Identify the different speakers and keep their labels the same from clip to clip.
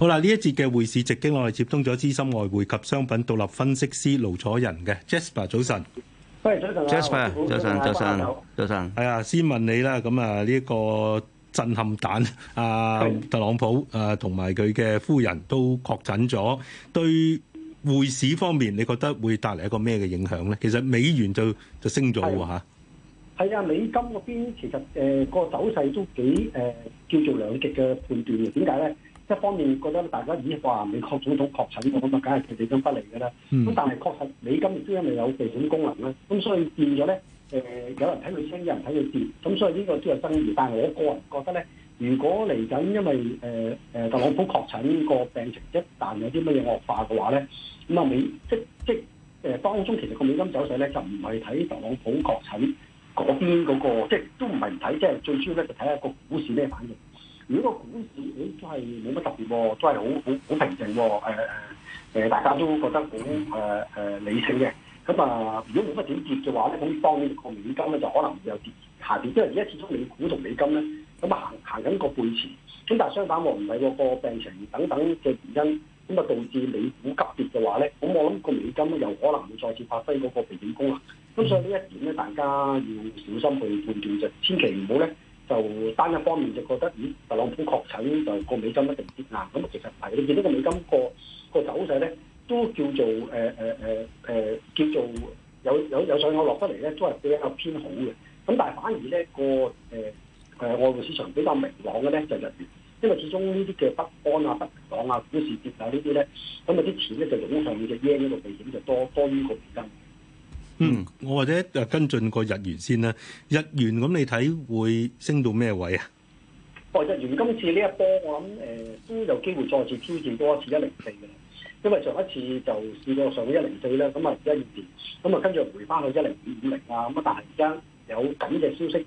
Speaker 1: 好啦，呢一節嘅匯市直擊，我哋接通咗資深外匯及商品獨立分析師盧楚仁嘅 Jasper，早晨，
Speaker 2: 歡迎早晨，Jasper，
Speaker 1: 早晨，早晨，早晨，係啊，先問你啦。咁啊，呢個震撼彈啊，特朗普啊，同埋佢嘅夫人都確診咗，對匯市方面，你覺得會帶嚟一個咩嘅影響咧？其實美元就就升咗喎，嚇，係啊，美
Speaker 2: 金嗰邊其實誒個走勢都幾誒叫做兩極嘅判斷嘅，點解咧？一方面覺得大家已經話美國總統確診咗，咁就梗係佢哋都不利㗎啦。咁、嗯、但係確實美金亦都因為有避險功能咧，咁所以變咗咧，誒有人睇佢升，有人睇佢跌。咁所以呢個都係爭議。但係我個人覺得咧，如果嚟緊因為誒誒、呃、特朗普確診個病情一旦有啲乜嘢惡化嘅話咧，咁啊美即即誒當中其實個美金走勢咧就唔係睇特朗普確診嗰邊嗰、嗰個，即係都唔係唔睇，即、就、係、是、最主要咧就睇下個股市咩反應。如果個股市都係冇乜特別，都係好好好平靜，誒誒誒，大家都覺得好誒誒理性嘅。咁啊，如果冇乜點跌嘅話咧，咁當然個美金咧就可能會有跌下跌。因為而家始終美股同美金咧，咁啊行行緊個背馳。咁但係相反我唔係嗰個病情等等嘅原因，咁啊導致美股急跌嘅話咧，咁我諗個美金又可能會再次發揮嗰個避險功能。咁所以呢一點咧，大家要小心去判斷就，千祈唔好咧。就單一方面就覺得，咦、嗯，特朗普確診就個美金一定跌啊！咁其實係，你見到個美金個、嗰個走勢咧，都叫做誒誒誒誒叫做有有有上有落返嚟咧，都係比較偏好嘅。咁但係反而咧、嗰個誒誒、呃、外匯市場比較明朗嘅咧就日元，因為始終呢啲嘅北安啊、北港啊，啊、股市跌啊呢啲咧，咁啊啲錢咧就湧向隻 yen 呢度避險，就多多於個美金。
Speaker 1: 嗯，我或者誒跟進個日元先啦。日元咁你睇會升到咩位啊？
Speaker 2: 哦、呃，日元今次呢一波我諗誒、呃、都有機會再次挑戰多一次一零四嘅，因為上一次就試過上一零四咧，咁啊一二年，咁啊跟住回翻去一零五五零啊，咁啊但係而家有咁嘅消息，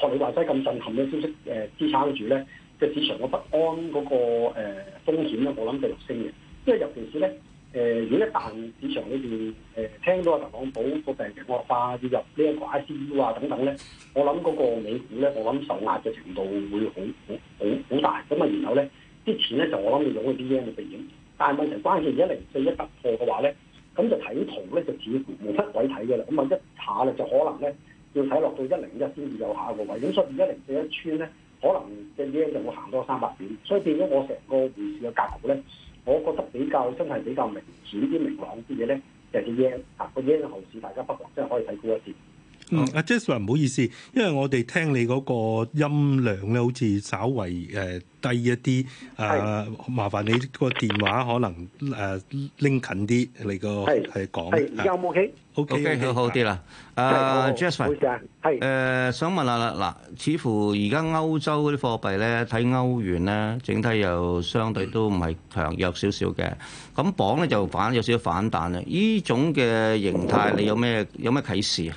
Speaker 2: 學你話齋咁震撼嘅消息誒支撐住咧，即係、呃、市場個不安嗰、那個誒、呃、風險咧，我諗繼續升嘅，因為尤其係咧。誒、呃，如果一旦市場呢邊誒、呃、聽到個特朗普個病情惡化，要入呢一個 ICU 啊等等咧，我諗嗰個美股咧，我諗受壓嘅程度會好好好好大。咁啊，然後咧啲錢咧就我諗用咗啲嘢去避險。但係問題關鍵，一零四一突破嘅話咧，咁就睇圖咧就似乎冇乜鬼睇嘅啦。咁啊，一下咧就可能咧要睇落到一零一先至有下一個位。咁所以一零四一穿咧，可能嘅嘢就會行多三百點。所以變咗我成個匯市嘅格局咧。我覺得比較真係比較明顯啲、明朗啲嘢咧，就係啲日圓，啊，個日圓嘅後市，大家不妨真係可以睇嗰一線。
Speaker 1: 嗯，阿 Jasper 唔好意思，因為我哋聽你嗰個音量咧，好似稍為誒低一啲。誒是、啊，麻煩你個電話可能誒拎、啊、近啲，你個係講
Speaker 2: 係
Speaker 3: 有冇 OK？OK，好好啲啦。阿 Jasper，誒，想問下啦，嗱，似乎而家歐洲啲貨幣咧，睇歐元咧，整體又相對都唔係強弱少少嘅。咁綁咧就反有少少反彈啦。呢種嘅形態，你有咩有咩啟示啊？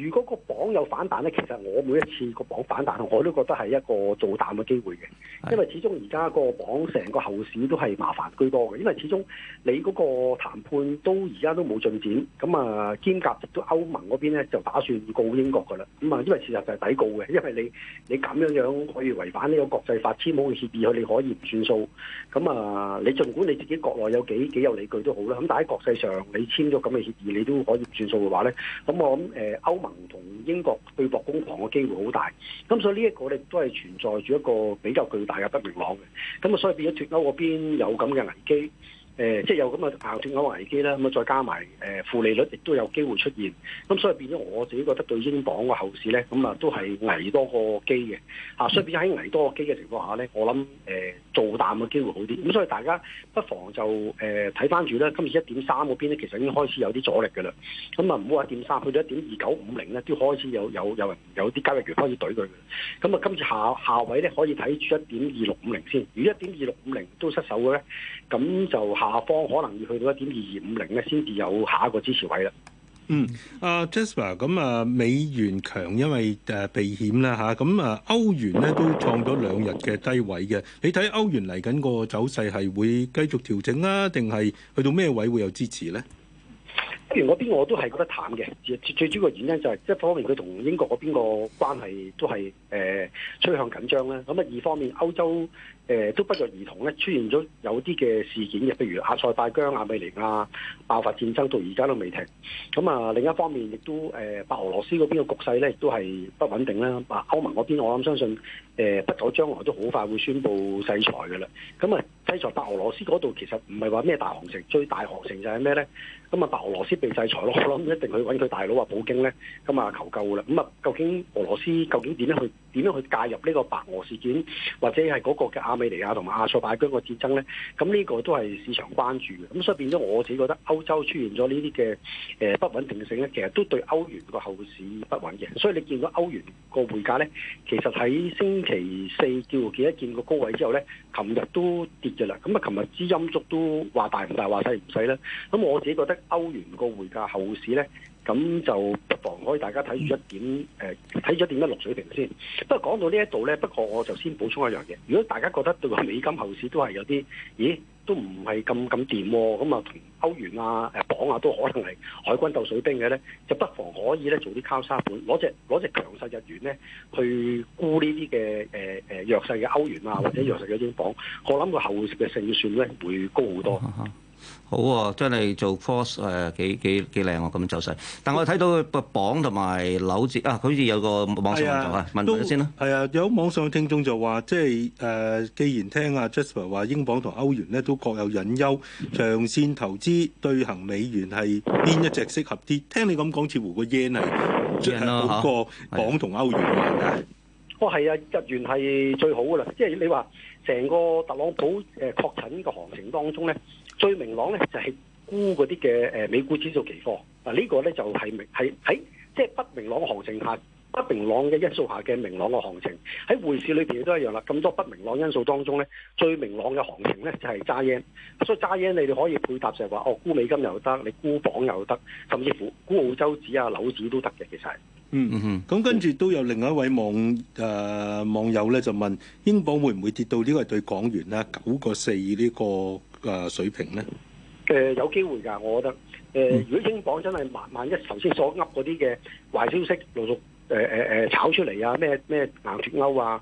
Speaker 2: 如果個鎊有反彈咧，其實我每一次個鎊反彈，我都覺得係一個做淡嘅機會嘅，因為始終而家個鎊成個後市都係麻煩居多嘅，因為始終你嗰個談判都而家都冇進展，咁啊兼夾都歐盟嗰邊咧就打算告英國噶啦，咁啊因為事實就係抵告嘅，因為你你咁樣樣可以違反呢個國際法簽好嘅協議，佢你可以唔算數，咁啊你儘管你自己國內有幾幾有理據都好啦，咁但係國際上你簽咗咁嘅協議，你都可以唔算數嘅話咧，咁我諗誒歐盟，同英國對搏攻防嘅機會好大，咁所以呢一個咧都係存在住一個比較巨大嘅不明朗嘅，咁啊所以變咗脱歐嗰邊有咁嘅危機。誒，即係有咁嘅亞正，斷鈎危機啦，咁啊再加埋誒負利率，亦都有機會出現。咁所以變咗我自己覺得對英鎊個後市咧，咁啊都係危多過機嘅。嚇，所以變咗喺危多過機嘅情況下咧，我諗誒做淡嘅機會好啲。咁所以大家不妨就誒睇翻住咧，今次一點三嗰邊咧，其實已經開始有啲阻力嘅啦。咁啊唔好話一點三，去到一點二九五零咧，都開始有有有人有啲交易員開始懟佢嘅。咁啊今次下下位咧，可以睇住一點二六五零先。如果一點二六五零都失手嘅咧，咁就下下方可能要去到一點二二五零咧，先至有下一個支持位啦。
Speaker 1: 嗯，阿 Jasper 咁啊 Jessica，嗯，美元強因為誒避險啦嚇，咁啊、嗯、歐元咧都創咗兩日嘅低位嘅。你睇歐元嚟緊個走勢係會繼續調整啦，啊，定係去到咩位會有支持咧？
Speaker 2: 歐元嗰邊我都係覺得淡嘅，最主要嘅原因就係、是、一方面佢同英國嗰邊個關係都係誒趨向緊張啦。咁、嗯、啊二方面歐洲。誒都不約而同咧出現咗有啲嘅事件嘅，譬如阿塞拜疆、亞美尼亞爆發戰爭，到而家都未停。咁啊，另一方面亦都誒白俄羅斯嗰邊嘅局勢咧，亦都係不穩定啦。啊歐盟嗰邊我諗相信。誒不久將來都好快會宣布制裁㗎啦。咁啊，制裁白俄羅斯嗰度其實唔係話咩大行情，最大行情就係咩咧？咁啊，白俄羅斯被制裁咯，我諗一定去揾佢大佬話普京咧，咁啊求救㗎啦。咁啊，究竟俄羅斯究竟點樣去點樣去介入呢個白俄事件，或者係嗰個嘅亞美尼亞同埋亞塞拜疆個戰爭咧？咁呢個都係市場關注嘅。咁所以變咗我自己覺得，歐洲出現咗呢啲嘅誒不穩定性咧，其實都對歐元個後市不穩嘅。所以你見到歐元個匯價咧，其實喺升。期四叫幾多見個高位之後咧，琴日都跌嘅啦。咁啊，琴日枝陰燭都話大唔大話細唔細啦。咁我自己覺得歐元個匯價後市咧。咁就不妨可以大家睇住一點，誒睇住一點一落水平先。不過講到呢一度咧，不過我就先補充一樣嘢。如果大家覺得對個美金後市都係有啲，咦都唔係咁咁掂，咁啊同歐元啊誒鎊、呃、啊都可能係海軍鬥水兵嘅咧，就不妨可以咧做啲交叉盤，攞隻攞隻強勢日元咧去沽呢啲嘅誒誒弱勢嘅歐元啊或者弱勢嘅英鎊。我諗個後勢嘅勝算咧會高好多。
Speaker 3: 好喎，真係做 force 誒幾幾幾靚喎，咁走勢。但我睇到個磅同埋樓字啊，好似有個網上問咗先啦。
Speaker 1: 係啊，有網上聽眾就話，即係誒，既然聽阿 Jasper 話，英鎊同歐元咧都各有隱憂，長線投資對行美元係邊一隻適合啲？聽你咁講，似乎個 yen 係最好過鎊同歐元㗎。哦，係啊，日元
Speaker 2: 係最好㗎啦，即係你話成個特朗普誒確診個行情當中咧。最明朗咧就係沽嗰啲嘅誒美股指數期貨嗱，呢、這個咧就係明係喺即係不明朗嘅行情下，不明朗嘅因素下嘅明朗嘅行情喺匯市裏邊都一樣啦。咁多不明朗因素當中咧，最明朗嘅行情咧就係揸 yen，所以揸 yen 你哋可以配搭，就係話哦沽美金又得，你沽磅又得，甚至乎沽澳洲紙啊、紐紙都得嘅。其實嗯嗯
Speaker 1: 哼，咁、嗯、 跟住都有另外一位網誒、呃、網友咧就問：英鎊會唔會跌到呢、這個係對港元啦九個四呢個？誒，水平咧？
Speaker 2: 誒、呃，有機會噶，我覺得誒、呃，如果英鎊真係萬萬一頭先所噏嗰啲嘅壞消息陸續誒誒誒炒出嚟啊，咩咩硬脫歐啊，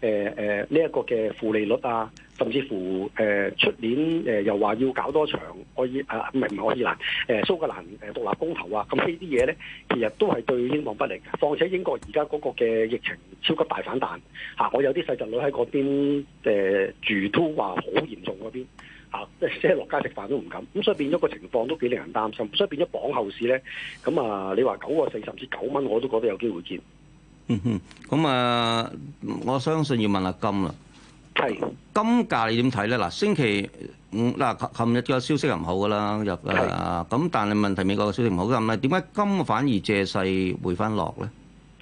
Speaker 2: 誒誒呢一個嘅負利率啊，甚至乎誒出、呃、年誒又話要搞多場愛爾啊，唔係唔係愛爾蘭誒蘇格蘭誒獨立公投啊，咁呢啲嘢咧，其實都係對英鎊不利嘅。況且英國而家嗰個嘅疫情超級大反彈，吓、啊、我有啲細侄女喺嗰邊誒住都話好嚴重嗰邊。啊！即係落街食飯都唔敢，咁所以變咗個情況都幾令人擔心，所以變咗往後市咧，咁啊，你話九個四甚至九蚊，我都覺得有機會見。
Speaker 3: 嗯哼，咁啊，我相信要問阿金啦。係。金價你點睇咧？嗱，星期嗱，琴日個消息又唔好噶啦，入啊，咁但係問題美國嘅消息唔好噶，唔係點解金反而借勢回翻落咧？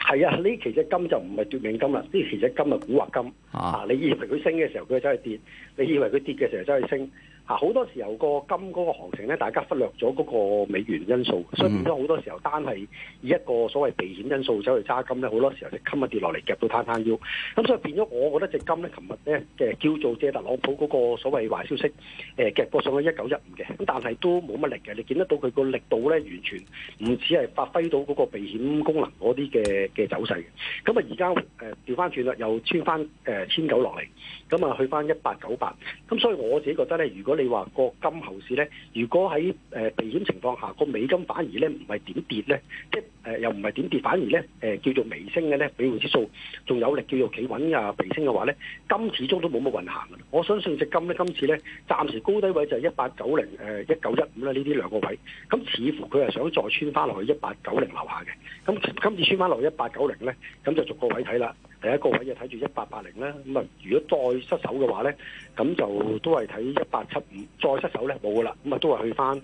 Speaker 2: 係啊，呢期隻金就唔係奪命金啦，呢期隻金啊，古惑金
Speaker 3: 啊，啊，你以為
Speaker 2: 佢升嘅時候佢就真係跌，你以為佢跌嘅時候真係升。好多時候個金嗰個行情咧，大家忽略咗嗰個美元因素，所以變咗好多時候單係以一個所謂避險因素走去揸金咧，好多時候隻金啊跌落嚟夾到攤攤腰。咁所以變咗，我覺得隻金咧，琴日咧嘅叫做借特朗普嗰個所謂壞消息，誒、呃、夾過上去一九一五嘅，咁但係都冇乜力嘅。你見得到佢個力度咧，完全唔似係發揮到嗰個避險功能嗰啲嘅嘅走勢咁啊，而家誒調翻轉啦，又穿翻誒、呃、千九落嚟，咁啊去翻一八九八。咁所以我自己覺得咧，如果你話個金後市咧，如果喺誒避險情況下，個美金反而咧唔係點跌咧，即、呃、係又唔係點跌，反而咧誒、呃、叫做微升嘅咧，美元指數仲有力叫做企穩啊，微升嘅話咧，金始終都冇乜運行嘅。我相信隻金咧，今次咧暫時高低位就係一八九零誒一九一五啦，呢啲兩個位，咁似乎佢係想再穿翻落去一八九零樓下嘅，咁今次穿翻落去一八九零咧，咁就逐個位睇啦。第一個位就睇住一八八零啦，咁啊，如果再失手嘅話咧，咁就都係睇一八七五，再失手咧冇噶啦，咁啊都係去翻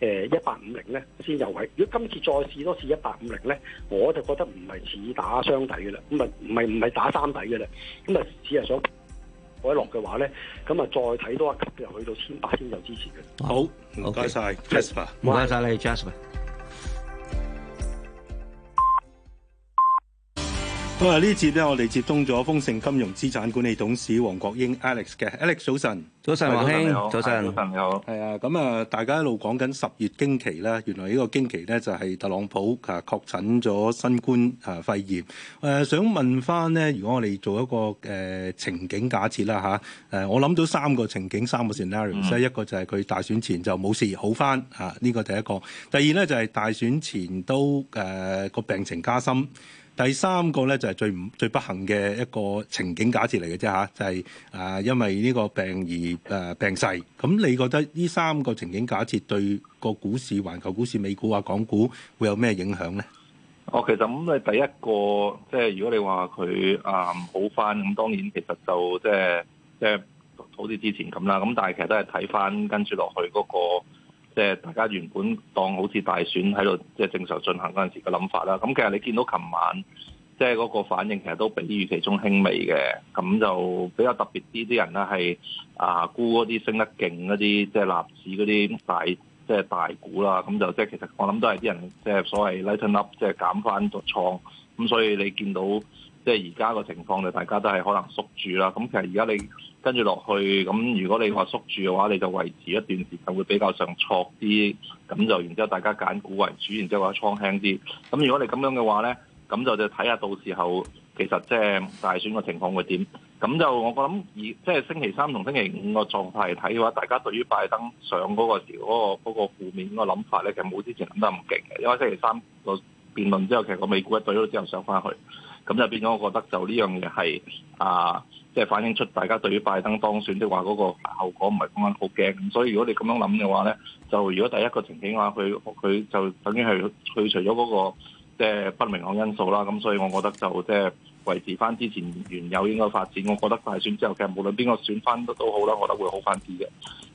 Speaker 2: 誒一八五零咧先有位。如果今次再試多次一八五零咧，我就覺得唔係似打雙底嘅啦，咁啊唔係唔係打三底嘅啦，咁啊只係想我一落嘅話咧，咁啊再睇多一級，又去到千八先有支持嘅。
Speaker 3: 好，唔該曬，Jasper，唔該曬你，Jasper。咁啊！呢
Speaker 1: 節咧，我哋接通咗豐盛金融資產管理董事黃國英 Alex 嘅。Alex, Alex 早晨，早晨黃兄，早晨，早晨你好，係啊，咁啊，大家一路講緊十月驚奇咧，原來呢個驚奇咧就係特朗普啊確診咗新冠啊肺炎。誒、呃，想問翻呢，如果我哋做一個誒、呃、情景假設啦吓，誒、啊，我諗到三個情景，三個 scenario，、mm hmm. 一個就係佢大選前就冇事好翻啊，呢、這個第一個。第二咧就係、是、大選前都誒個、呃、病情加深。第三個咧就係最唔最不幸嘅一個情景假設嚟嘅啫嚇，就係、是、啊因為呢個病而誒病逝。咁你覺得呢三個情景假設對個股市、環球股市、美股啊、港股會有咩影響咧？
Speaker 4: 哦，其實咁嘅、嗯、第一個即係、就是、如果你話佢啊好翻咁，當然其實就即係即係好似之前咁啦。咁但係其實都係睇翻跟住落去嗰、那個。即係大家原本當好似大選喺度即係正常進行嗰陣時嘅諗法啦，咁其實你見到琴晚即係嗰個反應，其實都比預期中輕微嘅，咁就比較特別啲啲人咧係啊沽嗰啲升得勁嗰啲即係納指嗰啲大即係、就是、大股啦，咁就即係其實我諗都係啲人即係、就是、所謂 lighten up，即係減翻個倉，咁所以你見到即係而家個情況就大家都係可能縮住啦，咁其實而家你。跟住落去，咁如果你話縮住嘅話，你就維持一段時間會比較上錯啲，咁就然之後大家揀股為主，然之後話倉輕啲。咁如果你咁樣嘅話呢，咁就就睇下到時候其實即係大選個情況會點。咁就我諗以即係星期三同星期五個狀態嚟睇嘅話，大家對於拜登上嗰個時嗰個嗰個負面個諗法呢，其實冇之前諗得咁勁嘅，因為星期三個辯論之後，其實個美股一對咗之後上翻去。咁就變咗，我覺得就呢樣嘢係啊，即係反映出大家對於拜登當選的話嗰個後果唔係咁樣好驚。咁所以如果你咁樣諗嘅話咧，就如果第一個情景嘅話，佢佢就等於係去除咗嗰個即係不明朗因素啦。咁所以我覺得就即係維持翻之前原有應該發展。我覺得大選之後其實無論邊個選翻都好啦，我覺得會好翻啲嘅。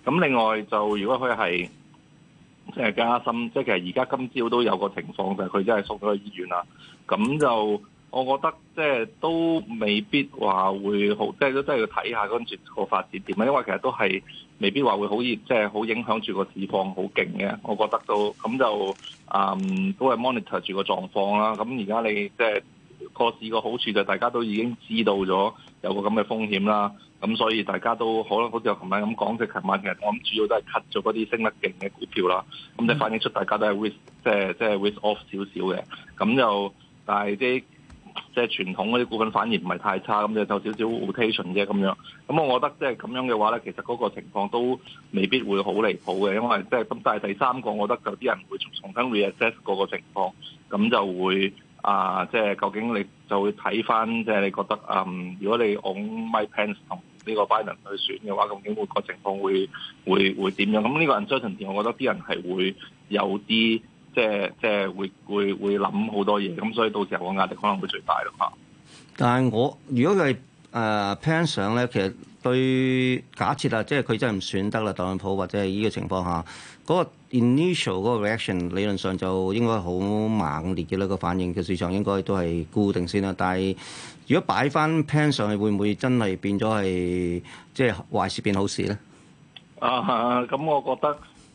Speaker 4: 咁另外就如果佢係即係加深，即係其實而家今朝都有個情況就係佢真係送咗去醫院啦。咁就我覺得即係都未必話會好，即係都真係要睇下跟住個發展點樣。因為其實都係未必話會好熱，即係好影響住個市況好勁嘅。我覺得都咁就嗯都係 monitor 住個狀況啦。咁而家你即係個市個好處就係大家都已經知道咗有個咁嘅風險啦。咁所以大家都可能好似我琴晚咁講，即係琴晚其實我諗主要都係 cut 咗嗰啲升得勁嘅股票啦。咁即係反映出大家都係 risk，即係即係 risk off 少少嘅。咁就但係啲即係傳統嗰啲股份反而唔係太差，咁就受少少 otation 啫咁樣。咁、嗯、我覺得即係咁樣嘅話咧，其實嗰個情況都未必會好離譜嘅，因為即係咁。但係第三個，我覺得有啲人會重新 reassess 嗰個情況，咁就會啊，即係究竟你就會睇翻即係你覺得啊、嗯，如果你按 Mike Pence 同呢個 Biden 去選嘅話，究竟個個情況會會會點樣？咁、嗯、呢、呢個 uncertainty 我覺得啲人係會有啲。即係即係
Speaker 3: 會會會諗好多嘢，咁所以到時候個壓力可能會最大咯嚇。但係我如果佢係誒 plan 上咧，其實對假設啊，即係佢真係唔選得啦，特朗普或者係依個情況下，嗰個 initial 嗰個 reaction 理論上就應該好猛烈嘅啦，個反應嘅市場應該都係固定先啦。但係如果擺翻 plan 上去，會唔會真係變咗係即係壞事變好事咧？
Speaker 4: 啊，咁我覺得。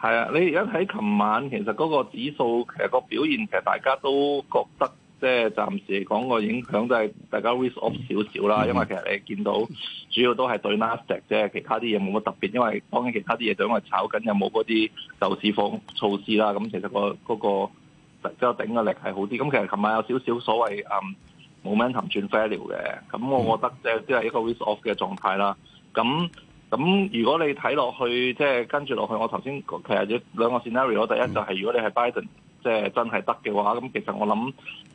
Speaker 4: 係啊，你而家睇琴晚其實嗰個指數其實個表現其實大家都覺得即係暫時嚟講個影響就係大家 risk off 少少啦，因為其實你見到主要都係對納斯達克啫，其他啲嘢冇乜特別，因為當然其他啲嘢就因為炒緊有冇嗰啲救市方措施啦，咁其實、嗰個嗰、嗰個特、嗰個、頂嘅力係好啲。咁其實琴晚有少少所謂誒 momentum 轉 failure 嘅，咁我覺得即係都係一個 risk off 嘅狀態啦。咁咁如果你睇落去，即係跟住落去，我頭先其實有兩個 scenario，第一就係如果你係 Biden，即係真係得嘅話，咁其實我諗，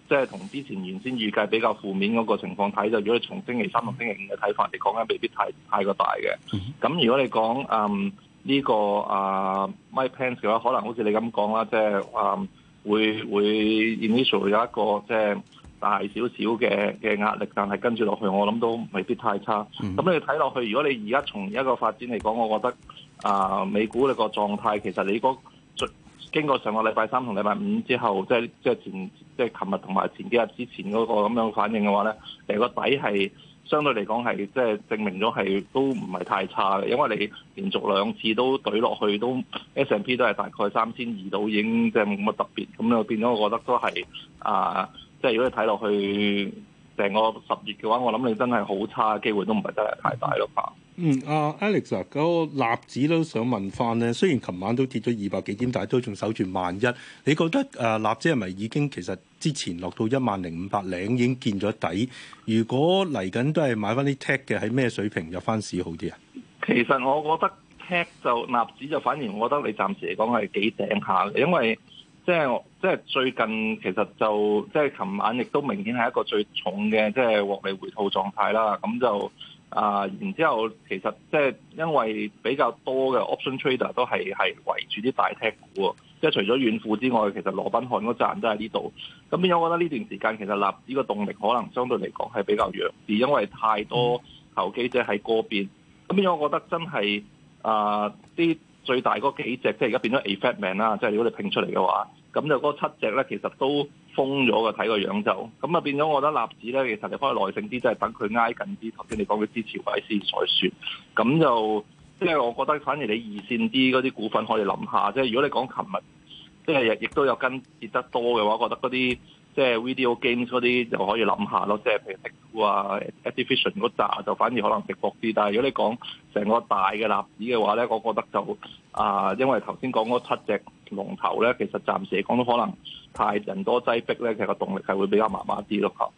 Speaker 4: 即係同之前原先預計比較負面嗰個情況睇，就如果你從星期三同星期五嘅睇法嚟講，緊未必太太過大嘅。咁如果你講嗯呢個啊 Mike Pence 嘅話，可能好似你咁講啦，即係嗯會會 initial 有一個即係。就是大少少嘅嘅壓力，但係跟住落去，我諗都未必太差。咁 你睇落去，如果你而家從一個發展嚟講，我覺得啊、呃，美股呢個狀態其實你嗰，經過上個禮拜三同禮拜五之後，即係即係前即係琴日同埋前幾日之前嗰個咁樣反應嘅話咧，成個底係相對嚟講係即係證明咗係都唔係太差嘅，因為你連續兩次都懟落去都，S P、都 S&P 都係大概三千二到已經即係冇乜特別，咁樣變咗，我覺得都係啊。呃即係如果你睇落去成個十月嘅話，我諗你真係好差嘅機會，都唔係真係太大咯，嚇。嗯，
Speaker 1: 阿 Alex 啊，個納指都想問翻咧。雖然琴晚都跌咗二百幾點，嗯、但係都仲守住萬一。你覺得誒納、呃、指係咪已經其實之前落到一萬零五百零已經見咗底？如果嚟緊都係買翻啲 Tech 嘅，喺咩水平入翻市好啲啊？
Speaker 4: 其實我覺得 Tech 就納指就反而我覺得你暫時嚟講係幾頂下嘅，因為。即係，即係最近其實就，即係琴晚亦都明顯係一個最重嘅即係獲利回吐狀態啦。咁就啊、呃，然之後其實即係因為比較多嘅 option trader 都係係圍住啲大 tech 股，即係除咗軟庫之外，其實羅賓漢嗰站都喺呢度。咁變咗我覺得呢段時間其實納指嘅動力可能相對嚟講係比較弱啲，因為太多投機者喺過邊。咁變咗我覺得真係啊啲。呃最大嗰幾隻即係而家變咗 effect man 啦，即係如果你拼出嚟嘅話，咁就嗰七隻咧其實都封咗嘅，睇個樣就咁啊變咗，我覺得納指咧其實你可以耐性啲，即係等佢挨近啲，頭先你講嘅支持位先再算，咁就即係我覺得反而你二線啲嗰啲股份可以諗下，即係如果你講琴日即係亦都有跟跌得多嘅話，我覺得嗰啲。即係 video games 嗰啲就可以諗下咯，即係譬如、啊、Activision 嗰扎就反而可能值博啲，但係如果你講成個大嘅立子嘅話咧，我覺得就啊、呃，因為頭先講嗰七隻龍頭咧，其實暫時嚟講都可能太人多擠逼咧，其實個動力係會比較麻麻啲咯，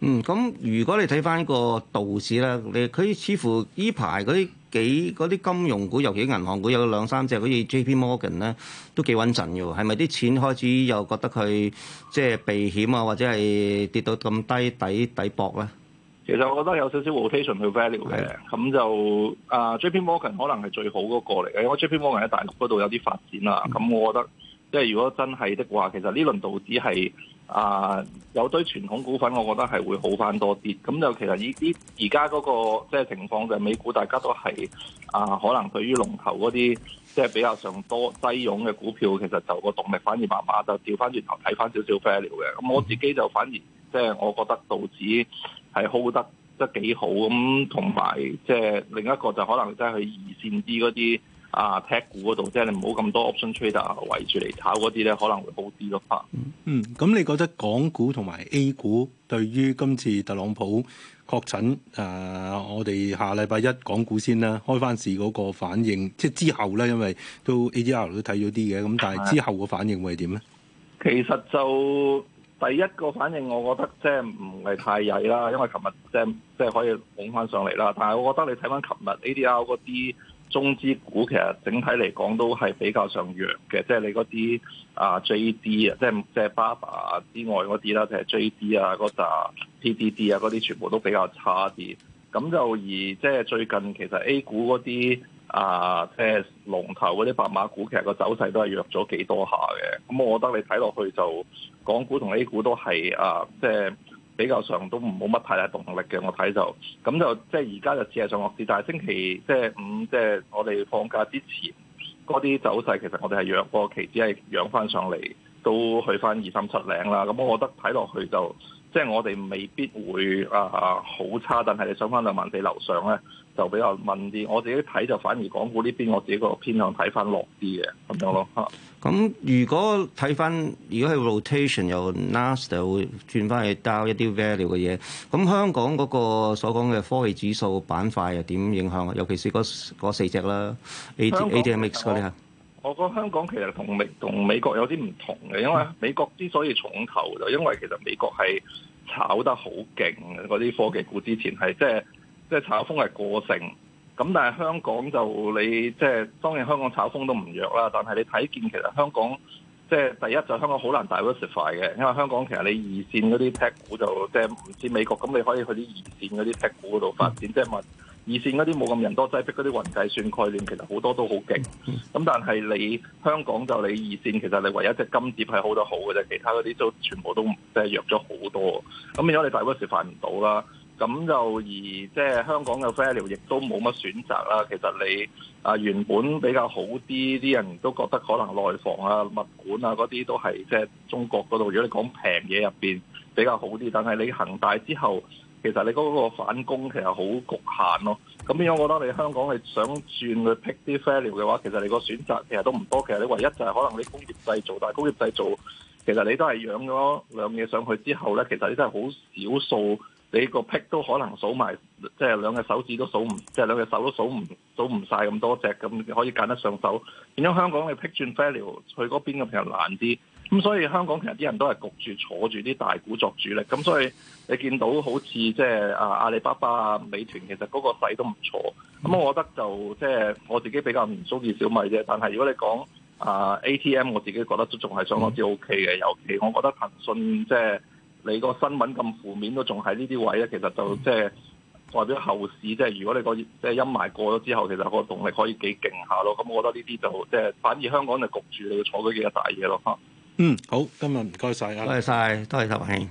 Speaker 4: 嗯，
Speaker 3: 咁如果你睇翻個道士咧，你佢似乎依排啲。幾嗰啲金融股，尤其是銀行股，有兩三隻，好似 JP Morgan 咧，都幾穩陣嘅喎。係咪啲錢開始又覺得佢即係避險啊，或者係跌到咁低底底搏咧？
Speaker 4: 其實我覺得有少少 rotation 去 value 嘅，咁的就啊、呃、JP Morgan 可能係最好嗰個嚟嘅，因為 JP Morgan 喺大陸嗰度有啲發展啦。咁、嗯、我覺得即係如果真係的，的話，其實呢輪道指係。啊，uh, 有堆傳統股份，我覺得係會好翻多啲。咁就其實依啲而家嗰個即係、就是、情況就美股，大家都係啊，可能對於龍頭嗰啲即係比較上多擠擁嘅股票，其實就個動力反而麻麻，就調翻轉頭睇翻少少 value 嘅。咁我自己就反而即係、就是、我覺得道指係 hold 得得幾好咁，同埋即係另一個就可能即係二線啲嗰啲。啊，Tech 股嗰度即係你唔好咁多 option trader 圍住嚟炒嗰啲咧，可能會好啲咯、嗯。
Speaker 1: 嗯，咁你覺得港股同埋 A 股對於今次特朗普確診，誒、呃，我哋下禮拜一港股先啦，開翻市嗰個反應，即係之後咧，因為都 ADR 都睇咗啲嘅，咁但係之後個反應會係點咧？其
Speaker 4: 實就第一個反應，我覺得即係唔係太曳啦，因為琴日即係即係可以拱翻上嚟啦。但係我覺得你睇翻琴日 ADR 嗰啲。中資股其實整體嚟講都係比較上弱嘅，即係你嗰啲啊 J D 啊，即係即係 Baba 之外嗰啲啦，就係 J D 啊扎 P D D 啊嗰啲，全部都比較差啲。咁就而即係最近其實 A 股嗰啲啊，即係龍頭嗰啲白馬股，其實個走勢都係弱咗幾多下嘅。咁我覺得你睇落去就港股同 A 股都係啊，即係。比較上都冇乜太大動力嘅，我睇就咁就即係而家就只係上落市，但係星期即係五即係我哋放假之前嗰啲走勢，其實我哋係揚過期養，只係揚翻上嚟都去翻二三七零啦。咁我覺得睇落去就。即係我哋未必會啊好差，但係你上翻兩萬四樓上咧就比較問啲。我自己睇就反而港股呢邊我自己個偏向睇翻落啲嘅
Speaker 3: 咁樣咯。嚇，咁如果睇翻如果係 rotation 又 nasty，會轉翻去 down 一啲 value 嘅嘢。咁香港嗰個所講嘅科技指數板塊又點影響啊？尤其是嗰四隻啦，ATMX 嗰啲啊。
Speaker 4: 我覺得香港其實同美同美國有啲唔同嘅，因為美國之所以重投就因為其實美國係炒得好勁嘅嗰啲科技股，之前係即係即係炒風係過剩，咁但係香港就你即係、就是、當然香港炒風都唔弱啦，但係你睇見其實香港即係、就是、第一就是、香港好難 diversify 嘅，因為香港其實你二線嗰啲 p 股就即係唔似美國咁，你可以去啲二線嗰啲 p 股嗰度發展，即係、就是問。二線嗰啲冇咁人多擠逼，嗰啲雲計算概念其實好多都好勁，咁但係你香港就你二線，其實你唯一隻金蝶係好得好嘅啫，其他嗰啲都全部都即係弱咗好多。咁變咗你大公司犯唔到啦，咁就而即係香港嘅 fail 亦都冇乜選擇啦。其實你啊原本比較好啲，啲人都覺得可能內房啊、物管啊嗰啲都係即係中國嗰度，如果你講平嘢入邊比較好啲，但係你恒大之後。其實你嗰個反攻其實好局限咯。哦，咁變咗我覺得你香港你想轉去 pick 啲 value 嘅話，其實你個選擇其實都唔多。其實你唯一就係可能你工業製造，但係工業製造其實你都係養咗兩嘢上去之後咧，其實你真係好少數，你個 pick 都可能數埋，即、就、係、是、兩隻手指都數唔，即、就、係、是、兩隻手都數唔數唔晒咁多隻，咁你可以揀得上手。變咗香港你 pick 轉 value，佢嗰邊嘅其實難啲？咁所以香港其實啲人都係焗住坐住啲大股作主力。咁所以你見到好似即係啊阿里巴巴啊、美團，其實嗰個勢都唔錯。咁我覺得就即係我自己比較唔中意小米啫。但係如果你講啊 ATM，我自己覺得都仲係相當之 OK 嘅。尤其我覺得騰訊即係你個新聞咁負面都仲喺呢啲位咧，其實就即係代表後市即係如果你、個即係陰霾過咗之後，其實個動力可以幾勁下咯。咁我覺得呢啲就即係、即係、反而香港就焗住你要坐嗰幾個大嘢咯。
Speaker 1: 嗯，好，今日唔該晒啊，多，多謝晒，多謝阿黃兄。